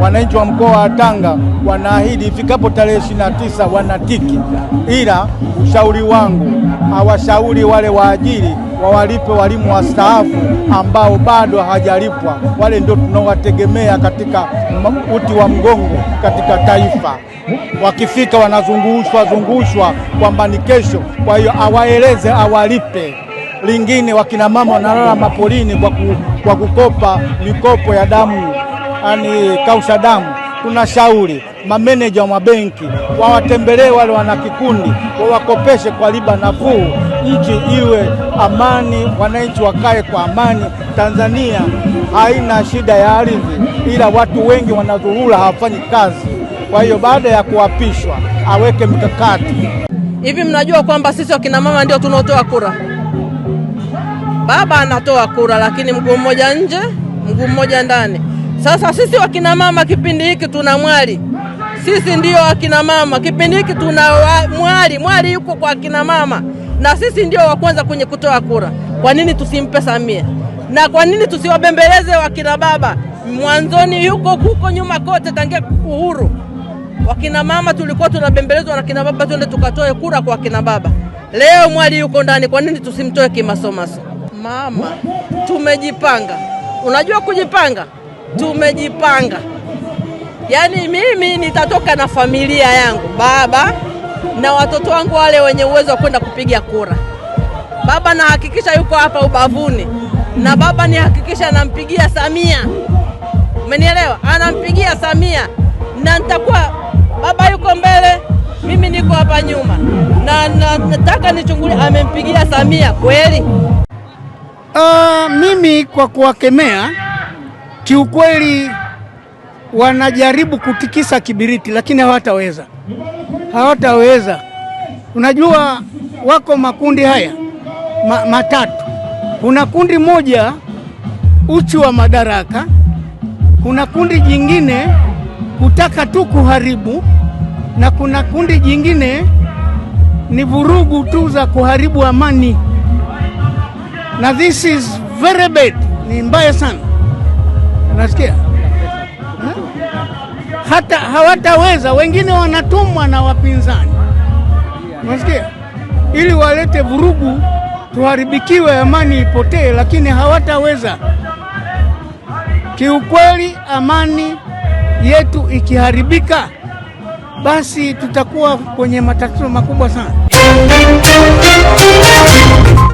wananchi wa mkoa wa Tanga wanaahidi ifikapo tarehe ishirini na tisa wanatiki, ila ushauri wangu hawashauri wale waajiri wawalipe walimu wastaafu ambao bado hawajalipwa. Wale ndio tunaowategemea katika uti wa mgongo katika taifa. Wakifika wanazungushwa zungushwa kwamba ni kesho, kwa hiyo awaeleze awalipe. Lingine, wakina mama wanalala mapolini kwa, ku, kwa kukopa mikopo ya damu ani kausha damu. Tunashauri mameneja wa mabenki wawatembelee wale wana kikundi, wawakopeshe kwa riba nafuu, nchi iwe amani, wananchi wakae kwa amani. Tanzania haina shida ya ardhi, ila watu wengi wanadhurura, hawafanyi kazi. Kwa hiyo baada ya kuapishwa aweke mkakati. Hivi mnajua kwamba sisi wakina mama ndio tunaotoa kura? Baba anatoa kura, lakini mguu mmoja nje, mguu mmoja ndani. Sasa sisi wakinamama kipindi hiki tuna mwali, sisi ndio wakinamama kipindi hiki tuna mwali. Mwali yuko kwa akinamama na sisi ndio wa kwanza kwenye kutoa kura. Kwa nini tusimpe Samia na kwa nini tusiwabembeleze wakina baba? Mwanzoni yuko huko nyuma kote, tangia uhuru wakina mama tulikuwa tunabembelezwa na kina baba, twende tukatoe kura kwa kina baba. Leo mwali yuko ndani, kwa nini tusimtoe kimasomaso? Mama, tumejipanga. Unajua kujipanga tumejipanga. Yaani mimi nitatoka na familia yangu, baba na watoto wangu wale wenye uwezo wa kwenda kupiga kura. Baba nahakikisha yuko hapa ubavuni, na baba nihakikisha anampigia Samia, umenielewa? Anampigia Samia na nitakuwa baba yuko mbele, mimi niko hapa nyuma, na nataka nichungulie amempigia Samia kweli. Uh, mimi kwa kuwakemea kiukweli wanajaribu kutikisa kibiriti, lakini hawataweza, hawataweza. Unajua, wako makundi haya ma, matatu. Kuna kundi moja uchu wa madaraka, kuna kundi jingine kutaka tu kuharibu, na kuna kundi jingine ni vurugu tu za kuharibu amani, na this is very bad, ni mbaya sana. Unasikia? Hata hawataweza, wengine wanatumwa na wapinzani, unasikia, ili walete vurugu, tuharibikiwe, amani ipotee, lakini hawataweza. Kiukweli, amani yetu ikiharibika, basi tutakuwa kwenye matatizo makubwa sana.